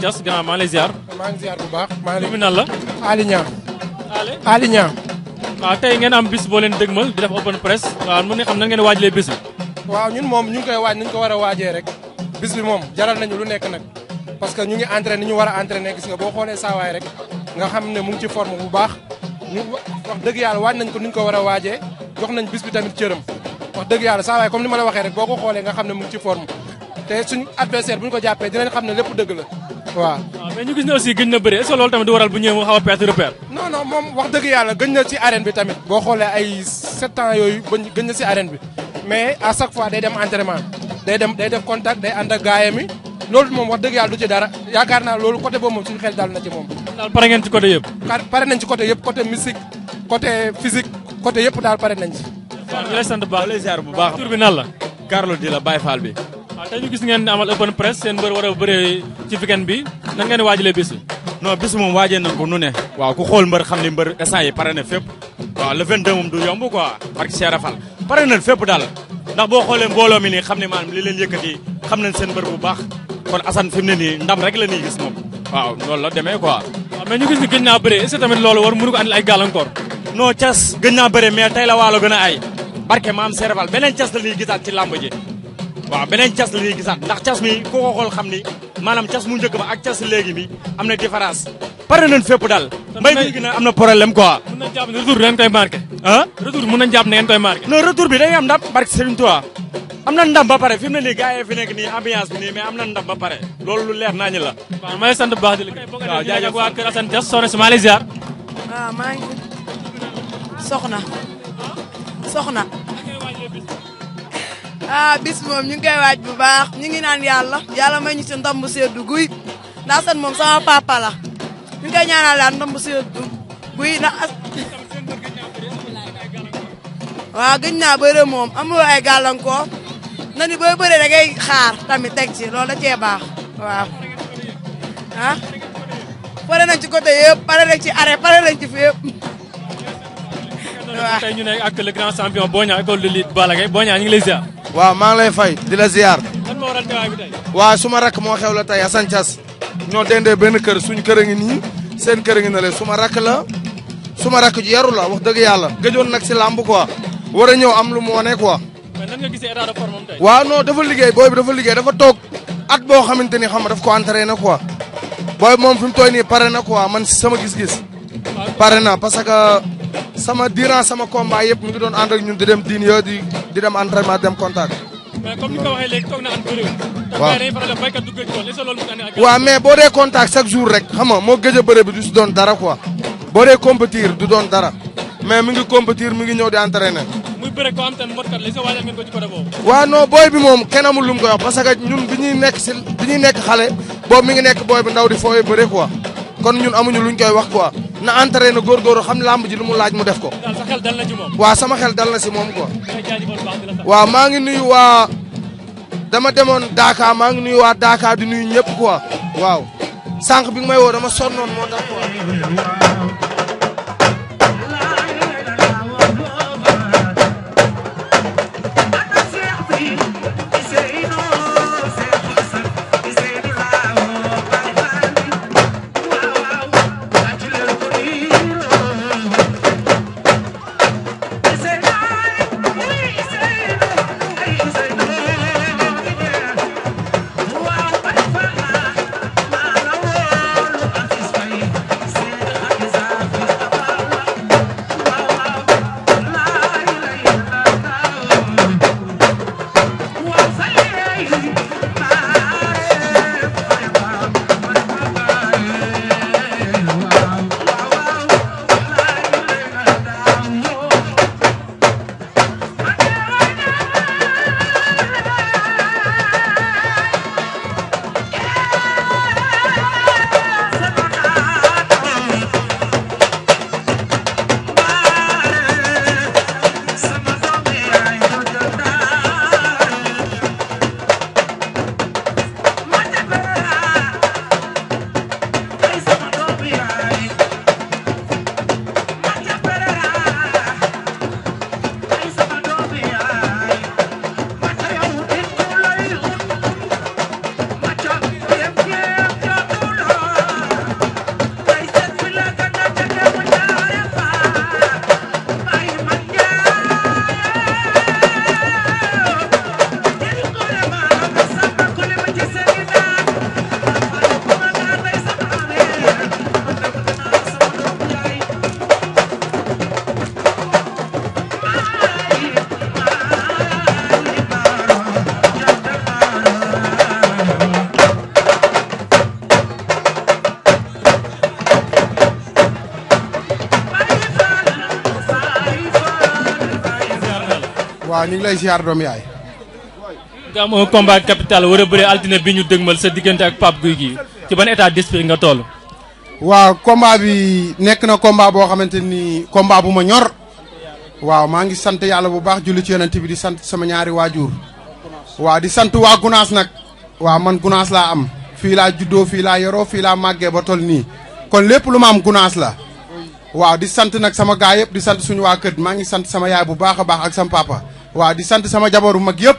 Thiass gannaaw maa ngi lay ziar. maa ngi ziar bu baax. maa ngi lay la. Aly Niang. Aly Aly Niang. waaw tey ngeen am bis boo leen dëgmal di def open press waaw mën nga xam nan ngeen waajalee bis bi. waaw ñun moom ñu ngi koy waaj ni ñu ko war a waajee rek. bis bi moom jaral nañu lu nekk nag. parce que ñu ngi entraîné ni ñu war a entraîné gis nga boo xoolee saawaay rek nga xam ne mu ngi ci forme bu baax ñu wax dëgg yàlla waaj nañ ko ni ñu ko war a waajee jox nañ bis bi tamit cëram wax dëgg yàlla saawaay comme ni ma la waxee rek boo ko xoolee nga xam ne mu ngi ci forme te suñu adversaire bu ñu ko jàppee dinañ xam ne lépp dëgg la waaw ah, mais ñu gis ne aussi gëñ na bëri est ce que loolu tamit du waral bu ñëwee mu xaw a perte repère non non moom wax dëgg yàlla gëñ na ci arène bi tamit boo xoolee ay sept ans yooyu ba gëñ na ci arène bi mais à chaque fois day dem entraînement day dem day def contact day ànd ak gaayam yi loolu moom wax dëgg yàlla du ci dara yaakaar naa loolu côté boobu moom suñu xel daal na ci moom daal pare ngeen ci côté yëpp pare nañ ci côté yëpp côté musique côté physique côté yëpp daal pare nañ ci ñu lay sant bu baax tur bi nan la Carlo di la Baye Fall bi tey ñu gis ngeen amal open press seen mbër war a bëree ci weekend bi nan ngeen waajalee bis bi. non bis moom waajee nañ ko nu ne. waaw ku xool mbër xam ne mbër instant yi pare na fépp. waaw le 22 moom du yomb quoi parce que Cheikh pare nañ fépp daal ndax boo xoolee mbooloo mi nii xam ne maanaam li leen yëkkati xam nañ seen mbër bu baax kon Assane fi mu ne nii ndam rek la ñuy gis moom. waaw loolu la demee quoi. waaw mais ñu gis ni gëj naa bëree est tamit loolu war mënu ko andil ay gàllankoor. non mais tey la waalo gën a ay barke maam Cheikh Rafal beneen gisaat ci làmb waaw beneen cas la ñuy gisaat ndax cas mi ku ko xool xam ni maanam cas mu njëkk ba ak cas léegi bi am na différence pare nañ fépp daal mbay mi na am na problème quoi mën nañ jàpp ne retour koy marqué ah retour mën nañ jàpp ne ngeen koy marqué non retour bi day am ndam barke Serigne Touba am na ndam ba pare fi mu ne nii gars yi fi bi nii mais am na ndam ba pare loolu lu leer naa ñu la waaw ma lay sant bu baax di la waaw jaajëf waa kër Assane Dias ah bis mom ñu ngi koy waaj bu baax ñu ngi naan yalla yalla may ñu ci ndam seddu guuy ndax seen mom sama papa la ñu ngi ñaanal la ndam seddu guuy na as waaw gëj bëre mom amu ay ko na ni boy bëre da ngay xaar tamit tek ci loolu ci baax wa ha ah? paré nañ ci côté yépp paré nañ ci arrêt paré nañ ci fi yëpp waaw ñu nekk ak le grand champion boña école de lutte balagay boña Boy ñu ngi lay ziar waaw maa ngi lay fay di la ziar. lan su ma rakk moo xew la tey Assane Thiass ñoo dendee benn kër suñ kër a nii seen kër a ngi na su ma rakk la su ma rakk ji yaru la wax dëgg yàlla gëjoon nag si làmb quoi war a ñëw am lu mu wane quoi. mais nan gisee état de forme am tey. dafa liggéey booy bi dafa liggéey dafa toog at boo xamante ni xam nga daf ko entraîné quoi booy moom fi mu tooy nii pare na quoi man si sama gis ah. pare na parce sama durant sama combat yëpp mi ngi doon ànd ak ñun di dem diin di di dem entraînement dem contact. mais comme ni ko waxee léegi toog na an bëriwul. waaw mais boo dee contact chaque jour rek xam nga moo gëj a bëre bi du si doon dara quoi boo dee compétir du doon dara mais mi ngi compétir mi ngi ñëw di entraîner. muy bëre ko am tan booy bi moom kenn amul lu mu koy wax parce que ñun bi ñu nekk si bi ñuy xale boobu mi ngi nekk booy bi ndaw di fooy bëre quoi kon ñun amuñu luñ koy wax quoi na entraîné na góorgóorlu xam lamb ji lu mu laaj mu def ko. sa xel dal na ci moom. waaw si moom quoi. waaw maa ngi nuyu waa dama demoon Dakar maa ngi nuyu waa Dakar di nuyu ñëpp quoi waaw sanq bi nga may woo dama sonnoon moo tax quoi. waaw ñu ngi lay ziar doom yaay. nga am combat capital war a bëre altine bi ñu dëgmal sa diggante ak Pape Guy gi ci ban état d'esprit nga toll. waaw combat bi nekk na combat boo xamante combat bu ñor. waaw maa ngi sant yàlla bu baax julli ci yonent bi di sant sama ñaari waajur. waaw di sant waa Gunaas nag. waaw man Gunaas laa am. fii laa juddoo fii laa yoroo fii laa màggee ba toll nii. kon lépp lu ma am Gunaas la. waaw di sant nag sama gaa yëpp di sant suñu waa kër maa ngi sant sama yaay bu baax baax ak sama papa wa di sante sama jabaru mag yep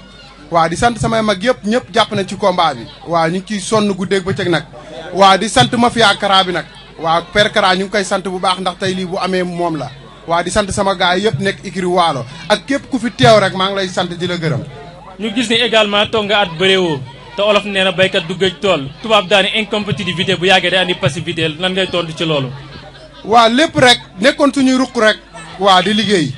wa di sante sama mag yep ñep japp na ci combat bi wa ñu ci ciy sonn guddeeg bëccëg nak wa di sante mafia Kara bi nak wa per Kara ñu koy sante bu baax ndax tay li bu amé mom la wa di sante sama gaay yep nek Ikri walo ak kep ku fi tew rek ma ngi lay sante di la gërëm ñu gis ni également tonga at bëréwo te olof nee na béykat du gëj tol tubab daani incompatibilité bu yagge day andi lan ngay tontu ci lolu wa lepp rek nekkon suñu rukk rek wa di liggéey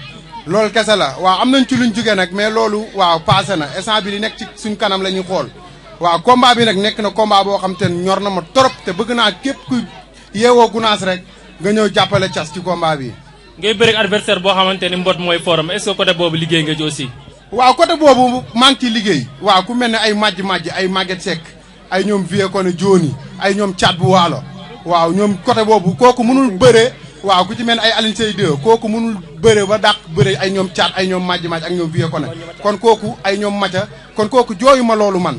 loolu kese la waaw am nañ ci luñ jógee nag mais loolu waa passé na instant bi li nekk ci suñ kanam la ñuy xool waa combat bi nag nekk na combat boo xam te ñor na ma trop te bëgg naa képp ku yeewoo gunaas rek nga ñëw jàppale cas ci combat bi. ngay bëri adversaire boo xamante ni mbot mooy forum est-ce que boobu liggéey nga ci aussi. waaw côté boobu maa ngi ciy liggéey. waa ku mel ne ay màjj màjj ay màgget sekk ay ñoom vie ko ne jooni ay ñoom caat bu waalo waaw ñoom côté boobu kooku mënul bëree waaw ku ci mel ne ay Alioune kooku mënul. bëre ba dàq bëre ay ñoom caat ay ñoom majj majj ak ñoom vieux koné kon kooku ay ñoom maca kon kooku jooyu ma loolu man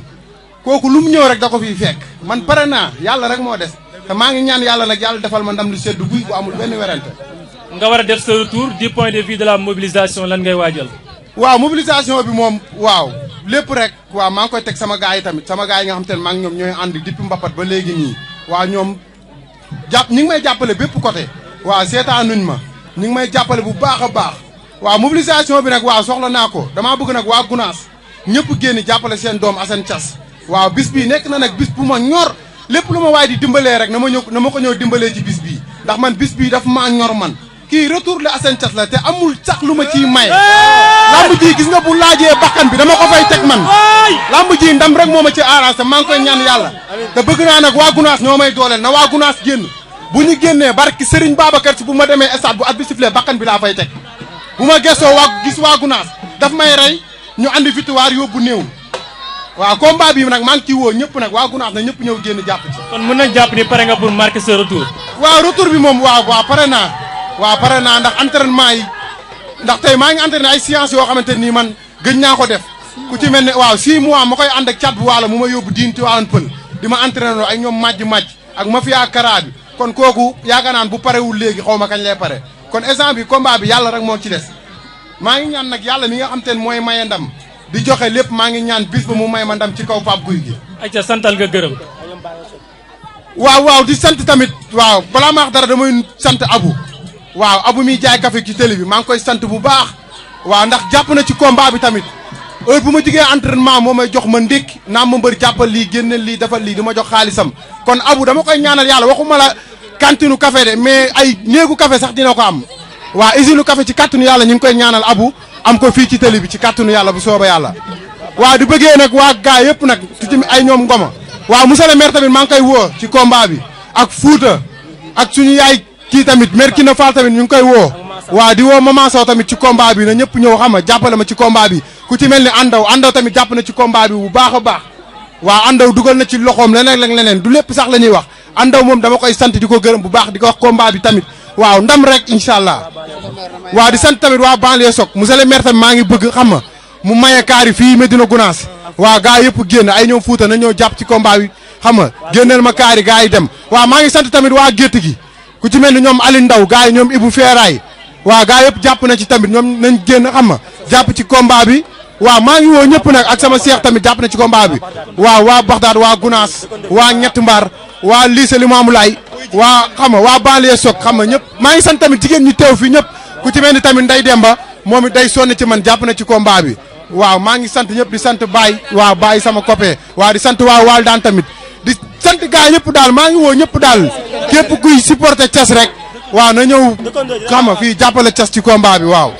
kooku lu mu ñëw rek da ko fiy fekk man pare naa yàlla rek moo des te maa ngi ñaan yàlla nag yàlla defal ma ndam lu sedd buy bu amul benn werante nga war a def sa retour du point de vue la mobilisation lan ngay waajal waaw mobilisation bi moom waaw lépp rek waaw maa ngi koy teg sama gars yi tamit sama gaa yi nga xam te ne maa ngi ñoom ñooy ànd dipp mbapat ba léegi nii waaw ñoom jàpp ñi ngi may jàppale bépp côté waaw seetaanuñ ma ñu ngi may jàppale bu baax a baax waaw mobilisation bi nag waa soxla naa ko damaa bëgg nag waa Gunaas ñëpp génn jàppale seen doom Assane Thiass waaw bis bii nekk na nag bis bu ma ñor lépp lu ma waay di dimbalee rek na ma ñëw na ma ko ñëw dimbalee ci bis bii ndax man bis bii daf maa ñor man kii retour la Assane la te amul sax lu ma ciy maye lamb ji gis nga bu laajee bakkan bi dama ko fay teg man lamb ji ndam rek moo ma ci arrangé maa ngi koy ñaan yàlla te bëgg naa nag waa Gunaas ñoo may dooleel na waa Gunaas génn bu ñu génnee barki Serigne Babacar si bu ma demee stade bu at bi sifflé bakkan bi laa fay teg bu ma gëstoo waa gis waa Gunaas daf may rey ñu andi victoire yóbbu néew. waaw combat bi nag maa ngi ciy woo ñëpp nag waa Gunaas nag ñëpp ñëw génn jàpp ci. kon mën nañ jàpp ni pare nga pour marquer ce retour. waaw retour bi moom waaw waaw pare naa waa pare naa ndax entraînement yi ndax tey maa ngi entraîné ay séances yoo xamante nii man gëj naa ko def ku ci mel ne waaw 6 mois ma koy ànd cat bu mu ma yóbbu diin ci wàllum pël di ma entraîné ak ñoom màjj màjj ak mafia kara bi kon kooku yaakaar naan bu parewul léegi xaw ma kañ lay pare kon instant bi combat bi yàlla rek moo ci des maa ngi ñaan nag yàlla mi nga xam te ne mooy maye ndam di joxe lépp maa ngi ñaan bis ba mu may ma ndam ci kaw Pape Guy gi. ayca santal nga gërëm. waaw waaw di sant tamit waaw balaa ma wax dara damay sant abu waaw abu miy jaay café ci télé bi maa ngi koy sant bu baax waaw ndax jàpp na ci combat bi tamit heure bu ma jigee entraînement moo may jox ma ndékk naa ma mbër jàppal lii génneel lii defal lii di jox xaalisam kon abu dama koy ñaanal yàlla waxuma la kantinu café de mais ay néegu kafe sax dina ko am waa usine kafe ci kàttanu yàlla ñu ngi koy ñaanal abu am ko fii ci télé bi ci kàttanu yàlla bu sooba yàlla waa di bëggee nag waa gaa yëpp nag tuti ay ñoom ngoma waa monsieur le maire tamit maa ngi koy woo ci combat bi ak Fouta ak suñu yaay kii tamit maire Kina Fall tamit ñu ngi koy woo waa di woo Maman tamit ci combat bi na ñëpp ñëw xam nga jàppale ma ci combat bi ku ci mel ni àndaw àndaw tamit jàpp na ci combat bi bu baax a baax waaw andaw dugal na ci loxoom leneen ak leneen du lépp sax la ñuy wax andaw moom dama koy sant di ko gërëm bu baax di ko wax combat bi tamit waa ndam rek incha allah waaw di sant tamit waa banlieue sok monsieur le maire tamit maa ngi bëgg xam nga mu maye kaari yi fii Medina Gounass waa gaa yëpp génn ay ñoom fuuta na ñoo jàpp ci combat bi xam nga génneel ma kaari gaa yi dem waaw maa ngi sant tamit waa gétt gi ku ci mel ni ñoom Aliou Ndaw gaa yi ñoom Ibou Feeraay waa gaa yëpp jàpp na ci tamit ñoom nañ génn xam nga jàpp ci combat bi waaw maa ngi woo ñëpp nag ak sama seex tamit jàpp na ci combat bi waaw waa Baxdaad waa Gunaas waa ñett mbaar waa lycée Limamou Laye waa xam nga waa banlieue Sock xam nga ñëpp maa ngi sant tamit jigéen ñi teew fii ñëpp ku ci mel ni tamit dem Demba moom it day sonn ci man jàpp na ci combat bi waaw maa ngi sant ñëpp di sant Baye waaw Baye sama copain waa di sant waa Waal daan tamit di sant gaa ñëpp daal maa ngi woo ñëpp daal képp kuy supporter Thiès rek waaw na ñëw xam nga fii jàppale Thiès ci combat bi waaw